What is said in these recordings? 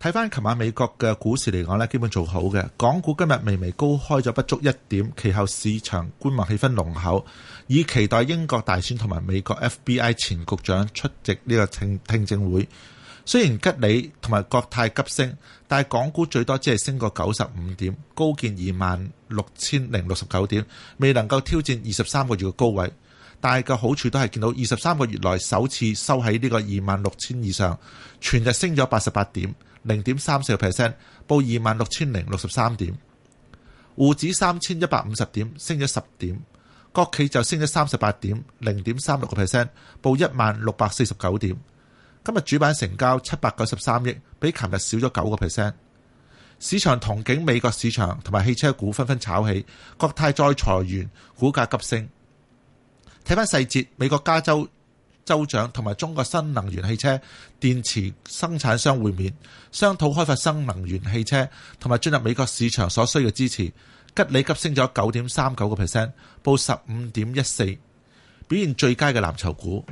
睇翻琴晚美國嘅股市嚟講呢，基本做好嘅。港股今日微微高開咗不足一點，其後市場觀望氣氛濃厚，以期待英國大選同埋美國 FBI 前局長出席呢個聽聽證會。雖然吉利同埋國泰急升，但係港股最多只係升過九十五點，高見二萬六千零六十九點，未能夠挑戰二十三個月嘅高位。但係個好處都係見到二十三個月內首次收喺呢個二萬六千以上，全日升咗八十八點。零點三四個 percent，報二萬六千零六十三點；滬指三千一百五十點，升咗十點；國企就升咗三十八點，零點三六個 percent，報一萬六百四十九點。今日主板成交七百九十三億，比琴日少咗九個 percent。市場同景美國市場同埋汽車股紛紛炒起，國泰再裁員，股價急升。睇翻細節，美國加州。州長同埋中國新能源汽車電池生產商會面，商討開發新能源汽車同埋進入美國市場所需嘅支持。吉利急升咗九點三九個 percent，報十五點一四，表現最佳嘅藍籌股，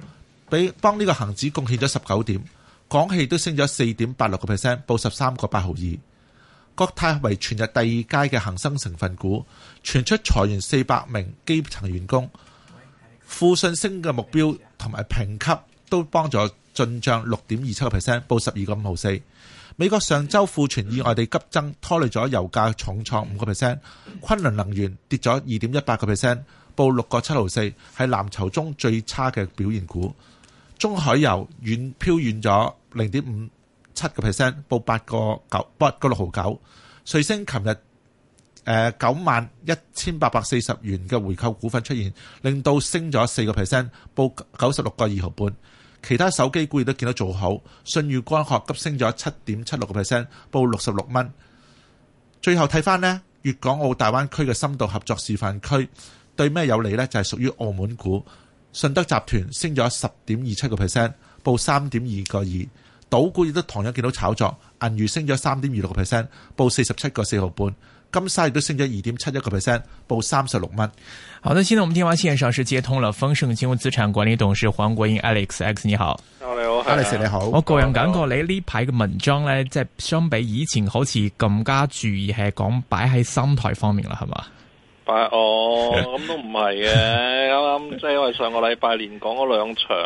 俾幫呢個恒指貢獻咗十九點。港企都升咗四點八六個 percent，報十三個八毫二。國泰為全日第二佳嘅恒生成分股，傳出裁員四百名基層員工。富信升嘅目標。同埋評級都幫助進帳六點二七個 percent，報十二個五毫四。美國上週庫存意外地急增，拖累咗油價重創五個 percent。崑崙能源跌咗二點一八個 percent，報六個七毫四，係藍籌中最差嘅表現股。中海油遠飄遠咗零點五七個 percent，報八個九八個六毫九。瑞星琴日。誒九萬一千八百四十元嘅回購股份出現，令到升咗四個 percent，報九十六個二毫半。其他手機股亦都見到做好，舜宇光學急升咗七點七六個 percent，報六十六蚊。最後睇翻呢，粵港澳大灣區嘅深度合作示範區對咩有利呢？就係、是、屬於澳門股，信德集團升咗十點二七個 percent，報三點二個二。賭股亦都同樣見到炒作，銀娛升咗三點二六個 percent，報四十七個四毫半。金沙亦都升咗二點七一個 percent，報三十六蚊。好的，現在我們電話線上是接通了豐盛金融資產管理董事黃國英 Alex，Alex 你好。你好，Alex 你好。啊、我個人感覺你呢排嘅文章咧，即係相比以前，好似更加注意係講擺喺心態方面啦，係嘛？擺，哦，咁都唔係嘅，啱啱、 嗯、即係因為上個禮拜連講咗兩場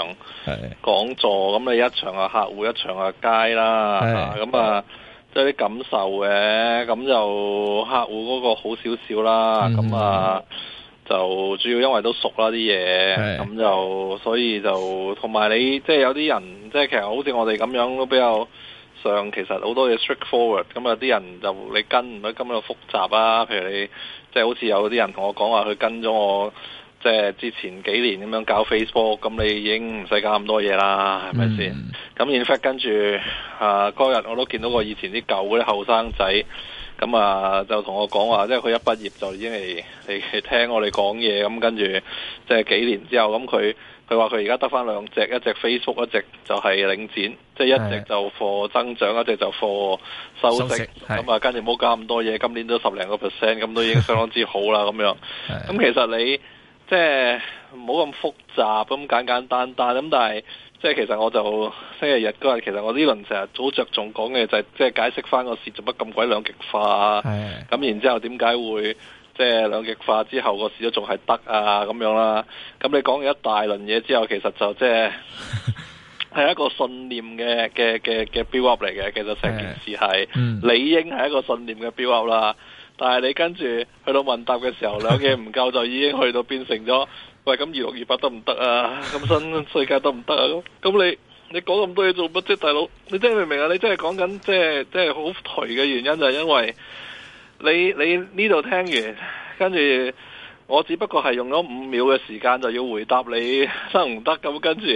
講座，咁你的一場阿客戶，一場阿街啦，咁啊的。嗯嗯.即係啲感受嘅，咁就客戶嗰個好少少啦。咁啊、mm，hmm. 就主要因為都熟啦啲嘢，咁的就所以就同埋你，即係有啲人，即係其實好似我哋咁樣都比較上，其實好多嘢 straightforward，咁有啲人就你跟唔到咁多複雜啊。譬如你，即係好似有啲人同我講話，佢跟咗我。即係之前幾年咁樣搞 Facebook，咁你已經唔使搞咁多嘢啦，係咪先？咁然之後跟住啊，嗰日我都見到個以前啲舊嗰啲後生仔，咁啊就同我講話，即係佢一畢業就已經嚟嚟聽我哋講嘢，咁跟住即係幾年之後，咁佢佢話佢而家得返兩隻，一隻 Facebook，一隻就係領展，即係的一隻就貨增長，一隻就貨收息，咁啊，跟住冇搞咁多嘢，今年都十零個 percent，咁都已經相當之好啦，咁 樣。咁其實你。即係唔好咁複雜，咁簡簡單單咁、嗯，但係即係其實我就星期日嗰日，其實我呢輪成日好着重講嘅就係、是、即係解釋翻個市做乜咁鬼兩極化的啊，咁然之後點解會即係兩極化之後個市都仲係得啊咁樣啦？咁、嗯、你講咗一大輪嘢之後，其實就即係係一個信念嘅嘅嘅嘅 build up 嚟嘅，其實成件事係、嗯、理應係一個信念嘅 build up 啦。但係你跟住去到問答嘅時候，兩嘢唔夠就已經去到變成咗，喂，咁二六二八得唔得啊，咁新世界得唔得啊，咁你你講咁多嘢做乜啫，就是、大佬，你真係明唔明啊？你真係講緊即係即係好頹嘅原因就係因為，你你呢度聽完跟住。我只不過係用咗五秒嘅時間就要回答你得唔得？咁跟住，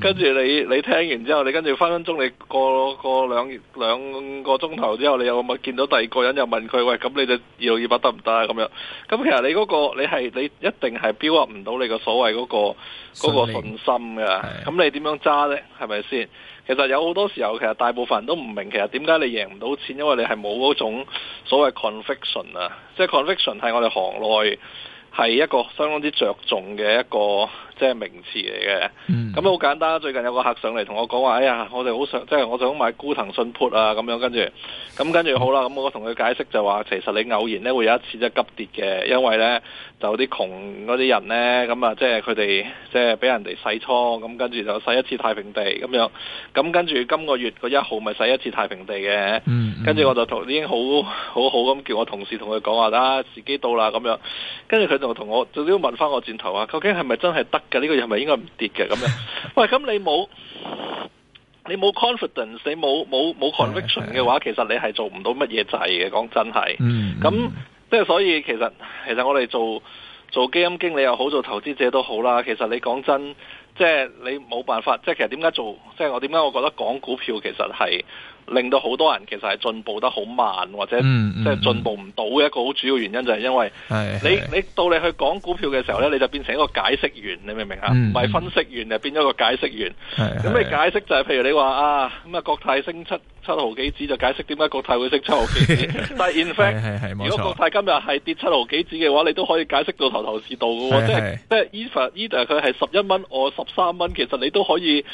跟住你你聽完之後，你跟住分分鐘你過過兩兩個鐘頭之後，你有冇見到第二個人又問佢喂，咁你就二六二八得唔得啊？咁樣，咁其實你嗰個你係你一定係 build up 唔到你個所謂嗰個嗰個信心㗎。咁你點樣揸呢？係咪先？其實有好多時候，其實大部分人都唔明，其實點解你贏唔到錢，因為你係冇嗰種所謂 conviction 啊，即係 conviction 係我哋行內。係一個相當之着重嘅一個。即係名詞嚟嘅，咁好、嗯、簡單。最近有個客上嚟同我講話，哎呀，我哋好想，即係我想買孤藤信 put 啊，咁樣，樣，樣跟住，咁跟住好啦，咁我同佢解釋就話，其實你偶然咧會有一次嘅急跌嘅，因為呢，就有啲窮嗰啲人呢。咁啊即係佢哋即係俾人哋洗倉，咁跟住就洗一次太平地咁樣，咁跟住今個月個一號咪洗一次太平地嘅，跟住、嗯嗯、我就同已經好好好咁叫我同事同佢講話啦，時機到啦咁樣，樣跟住佢仲同我仲問翻我轉頭啊，究竟係咪真係得？嘅呢個係咪應該唔跌嘅咁樣？ 喂，咁你冇你冇 confidence，你冇冇 conviction 嘅話， 其實你係做唔到乜嘢滯嘅。講真係，咁即係所以其實其實我哋做我做，做基金經理又好，做投資者都好啦。其實你講真，即係你冇辦法。即係其實點解做？即係我點解我覺得講股票其實係。令到好多人其實係進步得好慢，或者即係進步唔到嘅一個好主要原因就係因為你是是你，你到你去講股票嘅時候呢，你就變成一個解釋員，你明唔明啊？唔係、嗯、分析員就變咗個解釋員。咁是是 你解釋就係、是、譬如你話啊，咁啊國泰升七七毫幾子就解釋點解國泰會升七毫幾子，但係 in fact 是是是是如果國泰今日係跌七毫幾子嘅話，你都可以解釋到頭頭是道嘅喎，即係即係 either either 佢係十一蚊我十三蚊，其實你都可以。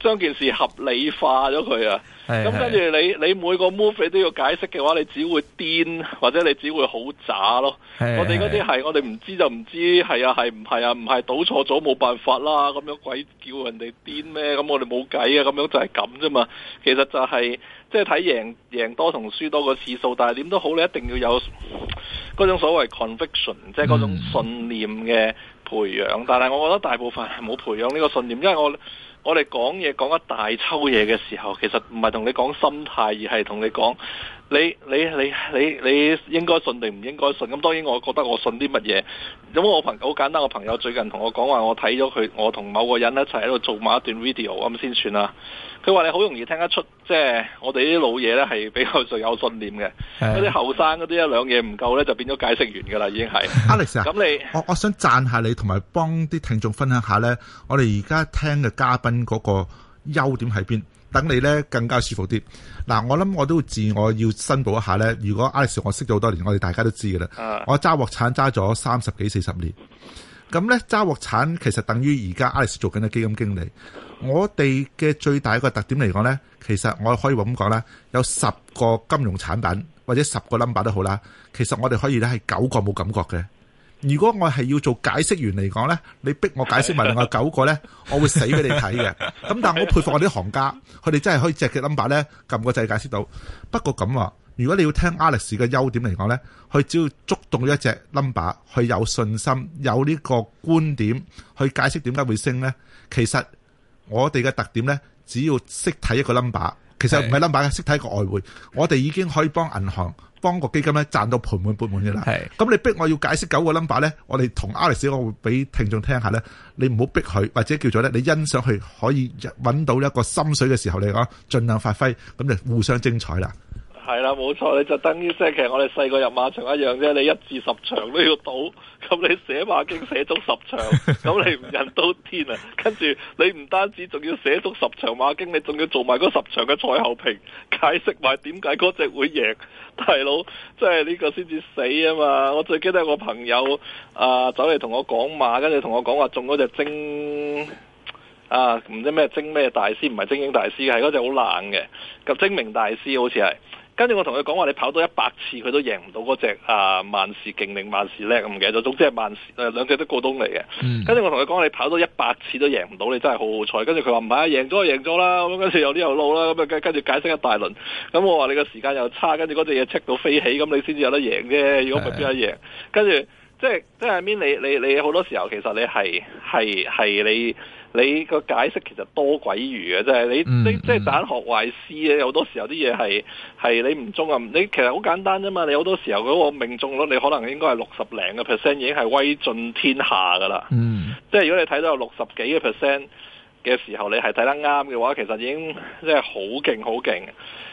將件事合理化咗佢啊！咁跟住你，你每個 move 你都要解釋嘅話，你只會癲或者你只會好渣咯。是的 我哋嗰啲係我哋唔知就唔知，係啊係唔係啊？唔係賭錯咗冇辦法啦！咁樣鬼叫人哋癲咩？咁我哋冇計啊！咁樣就係咁啫嘛。其實就係、是、即係睇贏贏多同輸多個次數，但係點都好，你一定要有嗰種所謂 conviction，即係嗰種信念嘅培養。嗯、但係我覺得大部分係冇培養呢個信念，因為我。我哋講嘢講一大抽嘢嘅時候，其實唔係同你講心態，而係同你講。你你你你你應該信定唔應該信咁，當然我覺得我信啲乜嘢。咁我朋友好簡單，我朋友最近同我講話，我睇咗佢，我同某個人一齊喺度做埋一段 video 咁先算啦。佢話你好容易聽得出，即係我哋啲老嘢咧係比較最有信念嘅，嗰啲後生嗰啲一兩嘢唔夠咧，就變咗解釋完㗎喇，已經係 Alex。咁、 啊、你我我想讚下你，同埋幫啲聽眾分享下咧，我哋而家聽嘅嘉賓嗰個優點喺邊？等你咧更加舒服啲。嗱，我諗我都自我要申報一下咧。如果 Alex 我識咗好多年，我哋大家都知嘅啦。我揸鑊鏟揸咗三十幾四十年，咁咧揸鑊鏟其實等於而家 Alex 在做緊嘅基金經理。我哋嘅最大一個特點嚟講咧，其實我可以咁講啦，有十個金融產品或者十個 number 都好啦，其實我哋可以咧係九個冇感覺嘅。如果我係要做解釋員嚟講咧，你逼我解釋埋另外九個咧，我會死俾你睇嘅。咁但係我好佩服我啲行家，佢哋真係可以隻嘅 number 咧撳個掣解釋到。不過咁，如果你要聽 Alex 嘅優點嚟講咧，佢只要觸動一隻 number，去有信心有呢個觀點去解釋點解會升咧。其實我哋嘅特點咧，只要識睇一個 number。其實唔係 number，識睇個外匯，我哋已經可以幫銀行幫個基金咧賺到盆滿缽滿嘅啦。咁是你逼我要解釋九個 number 咧，我哋同 Alex，我會俾聽眾聽下咧。你唔好逼佢，或者叫做咧，你欣賞佢可以揾到一個心水嘅時候嚟講，盡量發揮，咁就互相精彩啦。嗯。係啦，冇錯，你就等於即係，其實我哋細個入馬場一樣啫。你一至十場都要賭，咁你寫馬經寫足十場，咁你唔人都天啊？跟住你唔單止仲要寫足十場馬經，你仲要做埋嗰十場嘅賽後評，解釋埋點解嗰隻會贏，大佬即係呢個先至死啊嘛！我最記得有個朋友啊，走嚟同我講馬，跟住同我講話中嗰隻精啊，唔知咩精咩大師，唔係精英大師，係嗰隻好冷嘅，咁精明大師好似係。跟住我同佢講話，你跑到一百次佢都贏唔到嗰隻啊，萬事勁定萬事叻？我唔記得咗，總之係萬事誒兩隻都過冬嚟嘅。嗯、跟住我同佢講，你跑到一百次都贏唔到，你真係好好彩。跟住佢話唔係，贏咗就贏咗啦，咁跟住有啲又老啦，咁跟跟住解釋一大輪。咁我話你個時間又差，跟住嗰隻嘢赤到飛起，咁你先至有得贏啫。如果唔係邊有得贏？跟住。即係即係入面，你你你好多時候其實你係係係你你個解釋其實多鬼餘嘅、嗯嗯，即係你你即係蛋學壞師咧，好多時候啲嘢係係你唔中啊！你其實好簡單啫嘛，你好多時候嗰個命中率你可能應該係六十零嘅 percent 已經係威盡天下噶啦。嗯，即係如果你睇到有六十幾嘅 percent。嘅時候，你係睇得啱嘅話，其實已經即係好勁好勁。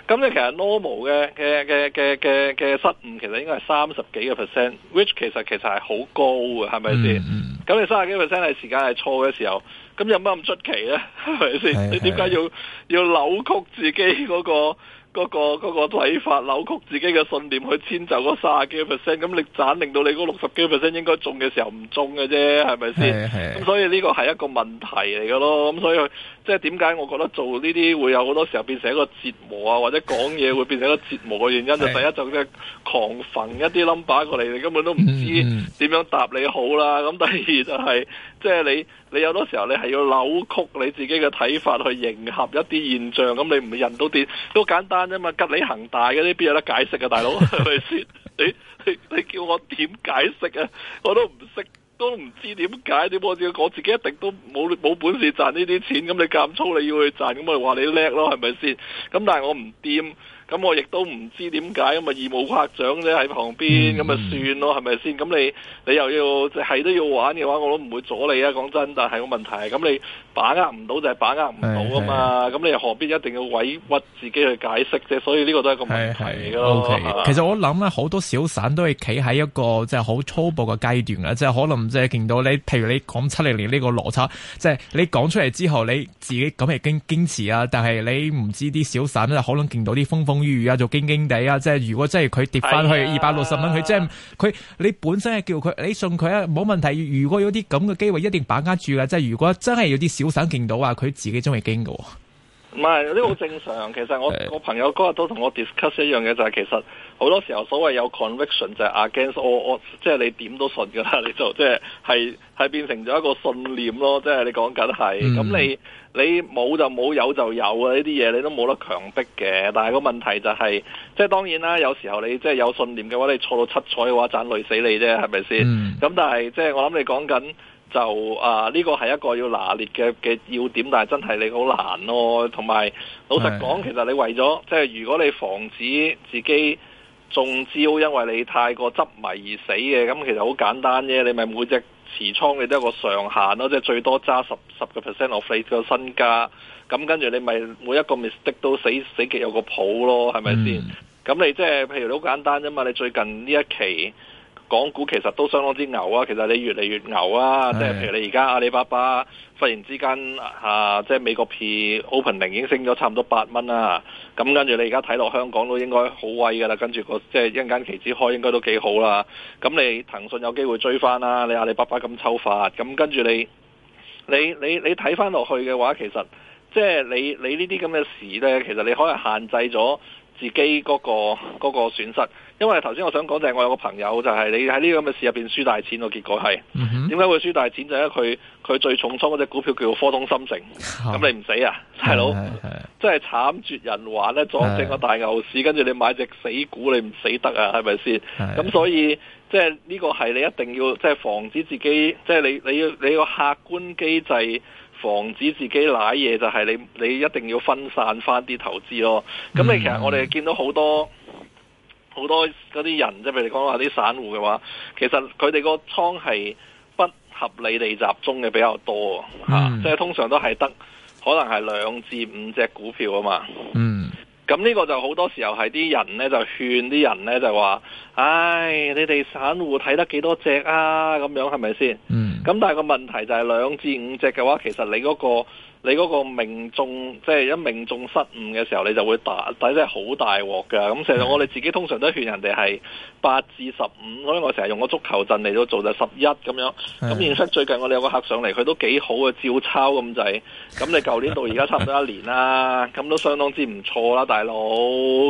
咁你其實 normal 嘅嘅嘅嘅嘅嘅失誤，其實應該係三十幾個 percent，which 其實其實係好高嘅，係咪先？咁、嗯嗯、你三十幾 percent 係時間係錯嘅時候，咁有乜咁出奇咧？係咪先？的你點解要的要扭曲自己嗰、那個？嗰、那個嗰、那個睇法扭曲自己嘅信念去遷就嗰卅幾個 percent，咁你盞令到你嗰六十幾個 percent 應該中嘅時候唔中嘅啫，係咪先？咁 所以呢個係一個問題嚟嘅咯，咁所以。即係點解我覺得做呢啲會有好多時候變成一個折磨啊，或者講嘢會變成一個折磨嘅原因？就的第一就即係狂焚一啲 number 過嚟，你根本都唔知點樣答你好啦。咁第二就係、是、即係你你有多時候你係要扭曲你自己嘅睇法去迎合一啲現象，咁你唔係人都跌都簡單啫嘛。隔籬恒大嗰啲邊有得解釋啊，大佬係咪先？你你你叫我點解釋啊？我都唔識。都唔知點解，點解我自己一定都冇冇本事賺呢啲錢。咁你咁粗，你要去賺，咁咪話你叻咯，係咪先？咁但係我唔掂。咁我亦都唔知點解咁啊，義務誇獎啫喺旁邊，咁啊算咯，係咪先？咁你你又要即係都要玩嘅話，我都唔會阻你啊。講真，但係個問題，咁你把握唔到就係把握唔到啊嘛。咁是是 你又何必一定要委屈自己去解釋啫？所以呢個都係一個問題咯。OK，其實我諗咧，好多小散都係企喺一個即係好粗暴嘅階段啊，即係可能即係見到你，譬如你講七零年呢個邏輯，即係你講出嚟之後，你自己咁係堅堅持啊，但係你唔知啲小散，咧，可能見到啲風風。啊，就驚驚地啊！即係如果真係佢跌翻去二百六十蚊，佢即係佢你本身係叫佢你送佢啊，冇問題。如果有啲咁嘅機會，一定把握住噶。即係如果真係有啲小散見到啊，佢自己鍾意驚噶。 唔係，啲好正常。其實我是我朋友嗰日都同我 discuss 一樣嘢，就係、是、其實好多時候所謂有 c o n v i c t i o n 就係 against 我我，即係你點都信㗎啦，你就即係係係變成咗一個信念咯。即係你講緊係，咁、嗯、你你冇就冇，有就有啊！呢啲嘢你都冇得強迫嘅。但係個問題就係、是，即係當然啦，有時候你即係有信念嘅話，你錯到七彩嘅話，就累死你啫，係咪先？咁、嗯、但係即係我諗你講緊。就啊，呢個係一個要拿捏嘅嘅要點，但係真係你好難咯、哦。同埋，老實講，其實你為咗即係如果你防止自己中招，因為你太過執迷而死嘅，咁其實好簡單啫。你咪每隻持倉你都有個上限咯，即係最多揸十十個 percent of 你個身家。咁跟住你咪每一個 mistake 都死死極有個譜咯，係咪先？咁、嗯、你即、就、係、是、譬如你好簡單啫嘛，你最近呢一期。港股其實都相當之牛啊！其實你越嚟越牛啊！即係的譬如你而家阿里巴巴忽然之間啊，即係美國 P Open 零已經升咗差唔多八蚊啦。咁、嗯、跟住你而家睇落香港都應該好威噶啦。跟住個即係一陣間期指開應該都幾好啦。咁、嗯、你騰訊有機會追翻啦、啊。你阿里巴巴咁抽發，咁、嗯、跟住你你你你睇翻落去嘅話，其實即係你你這這呢啲咁嘅事咧，其實你可以限制咗自己嗰、那個嗰、那個損失。因為頭先我想講就係我有個朋友就係你喺呢個咁嘅事入邊輸大錢咯，結果係點解會輸大錢？就係佢佢最重倉嗰隻股票叫做科通芯城。咁、啊、你唔死啊，大佬，真係慘絕人寰咧，撞正個大牛市，跟住你買隻死股你唔死得啊，係咪先？咁是是 所以即係呢個係你一定要即係、就是、防止自己，即、就、係、是、你你要你個客觀機制防止自己瀨嘢，就係、是、你你一定要分散翻啲投資咯。咁你其實我哋見到好多、嗯。嗯好多嗰啲人，即係譬如講話啲散戶嘅話，其實佢哋個倉係不合理地集中嘅比較多，mm. 啊，即係通常都係得可能係兩至五隻股票啊嘛。嗯，咁呢個就好多時候係啲人咧就勸啲人咧就話：唉，你哋散戶睇得幾多隻啊？咁樣係咪先？嗯，咁但係個問題就係兩至五隻嘅話，其實你嗰個。你嗰個命中，即係一命中失誤嘅時候，你就會打底，真係好大鑊噶。咁 其實我哋自己通常都勸人哋係八至十五，所以我成日用個足球陣嚟到做就十一咁樣。咁認識最近我哋有個客上嚟，佢都幾好嘅，照抄咁滯。咁你舊年到而家差唔多一年啦，咁 都相當之唔錯啦，大佬。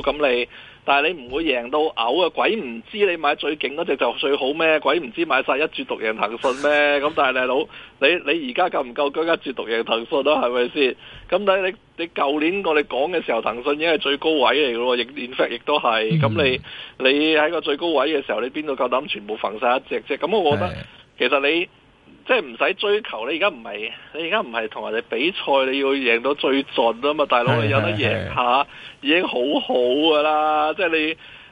咁你。但係你唔會贏到嘔啊！鬼唔知你買最勁嗰隻就最好咩？鬼唔知買晒一注獨贏騰訊咩？咁 但係大佬，你你而家夠唔夠嗰一注獨贏騰訊都係咪先？咁但係你你舊年我哋講嘅時候，騰訊已經係最高位嚟嘅喎，亦都係。咁你你喺個最高位嘅時候，你邊度夠膽全部瞓晒一隻啫？咁我覺得的其實你。即係唔使追求你而家唔係，你而家唔係同人哋比賽，你要贏到最盡啊嘛，大佬你有得贏下已經好好噶啦。即係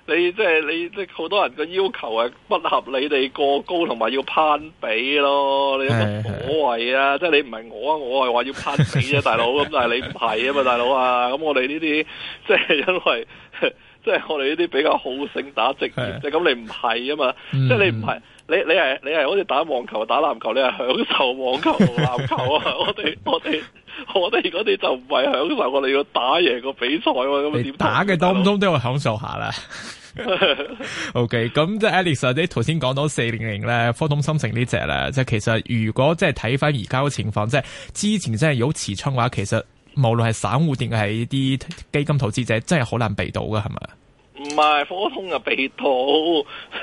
你你即係你即係好多人個要求係不合理，你過高同埋要攀比咯，是是是你有乜所謂啊？是是是即係你唔係我啊，我係話要攀比啫，大佬咁， 但係你唔係啊嘛，大佬啊，咁我哋呢啲即係因為。即係我哋呢啲比較好勝打職業，即係咁你唔係啊嘛，嗯、即係你唔係你你係你係好似打網球打籃球，你係享受網球 籃球啊！我哋我哋我哋，如果就唔係享受，我哋要打贏個比賽喎，啊，咁點打嘅當中都要享受下啦。 OK，咁即係 Alex 啊，你頭先講到四零零咧，科東心城呢隻咧，即係其實如果即係睇翻而家嘅情況，即係之前真係有持倉嘅話，其實。無論係散戶定係啲基金投資者，真係好難避到噶，係咪？唔係，科通呀避到，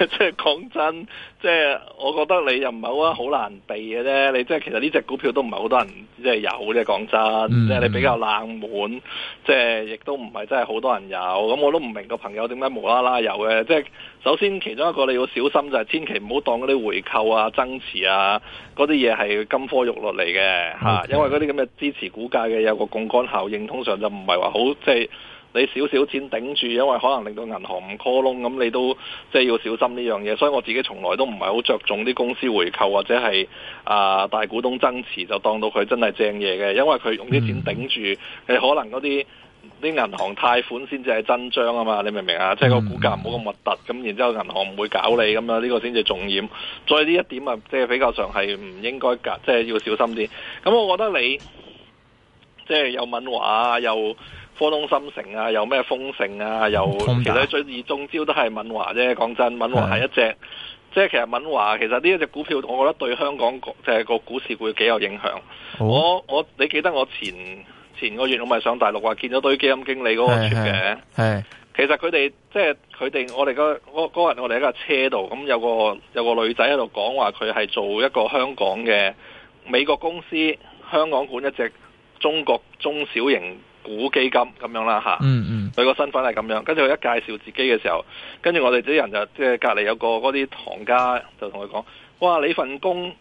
即係講真，即係我覺得你又唔係話好難避嘅啫，你即係其實呢隻股票都唔係好多人。即係有啫，講真，即係你比較冷門，即係亦都唔係真係好多人有，咁我都唔明個朋友點解無啦啦有嘅。即係首先，其中一個你要小心就係千祈唔好當嗰啲回購啊、增持啊嗰啲嘢係金科玉律嚟嘅吓，因為嗰啲咁嘅支持股價嘅有個槓桿效應，通常就唔係話好即係。你少少錢頂住，因為可能令到銀行唔 call loan，咁你都即係要小心呢樣嘢。所以我自己從來都唔係好着重啲公司回購或者係啊、呃、大股東增持，就當到佢真係正嘢嘅，因為佢用啲錢頂住，你可能嗰啲啲銀行貸款先至係真章啊嘛，你明唔明啊？即係個股價唔好咁核突，咁然之後銀行唔會搞你咁樣，呢個先至重險。再呢一點啊，即係比較上係唔應該即係要小心啲。咁我覺得你即係又敏華又。科東深城啊，有咩豐盛啊？又打其實最易中招都係敏華啫。講真，敏華係一隻的即係其實敏華其實呢一隻股票，我覺得對香港即係個股市會幾有影響，哦。我我你記得我前前個月我咪上大陸話見咗堆基金經理嗰個 trip 嘅係。其實佢哋即係佢哋我哋個我嗰日我哋喺架車度咁有個有個女仔喺度講話，佢係做一個香港嘅美國公司，香港管一隻中國中小型。股基金咁樣啦吓、嗯，嗯嗯，佢個身份係咁樣，跟住佢一介紹自己嘅時候，跟住我哋啲人就即係隔籬有個嗰啲行家就同佢講，哇，你份工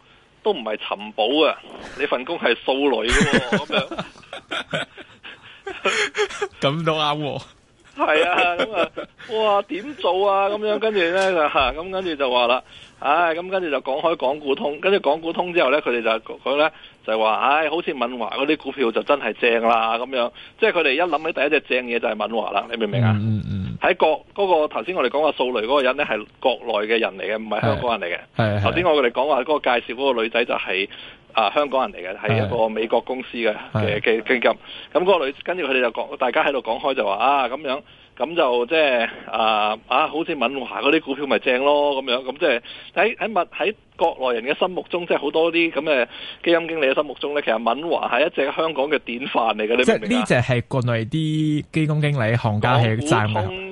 都唔係尋寶啊，你份工係掃雷嘅咁樣，咁都啱喎，係啊咁啊，哇點做啊咁樣？跟住咧就吓，咁跟住就話啦，唉，咁跟住就講開港股通，跟住港股通之後咧，佢哋就講咧。就係話，唉、哎，好似敏華嗰啲股票就真係正啦咁樣，即係佢哋一諗起第一隻正嘢就係敏華啦，你明唔明啊？嗯嗯。喺國嗰、那個頭先我哋講話數雷嗰個人咧係國內嘅人嚟嘅，唔係香港人嚟嘅。係係。頭先我哋講話嗰個介紹嗰個女仔就係、是、啊香港人嚟嘅，係一個美國公司嘅嘅基金。咁嗰個女，跟住佢哋就講，大家喺度講開就話啊咁樣。咁就即係啊啊，好似敏華嗰啲股票咪正咯，咁樣，咁即係喺喺物喺國內人嘅心目中，即係好多啲咁嘅基金經理嘅心目中咧，其實敏華係一隻香港嘅典範嚟嘅，你明唔明啊？即係呢隻係國內啲基金經理行家嘅贊物。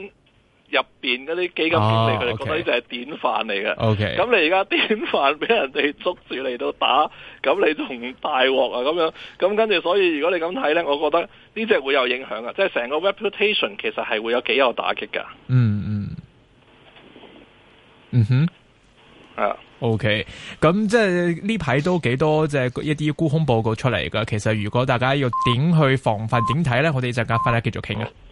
入邊嗰啲基金經理，佢哋覺得呢隻係典範嚟嘅。咁 Okay. 你而家典範俾人哋捉住嚟到打，咁你仲大鑊啊！咁樣咁跟住，所以如果你咁睇呢，我覺得呢隻會有影響啊！即係成個 reputation 其實係會有幾有打擊噶，嗯。嗯嗯嗯哼啊 Yeah.，OK。咁即係呢排都幾多即係一啲沽空報告出嚟噶。其實如果大家要點去防範點睇呢？我哋一陣間翻嚟繼續傾啊。Oh.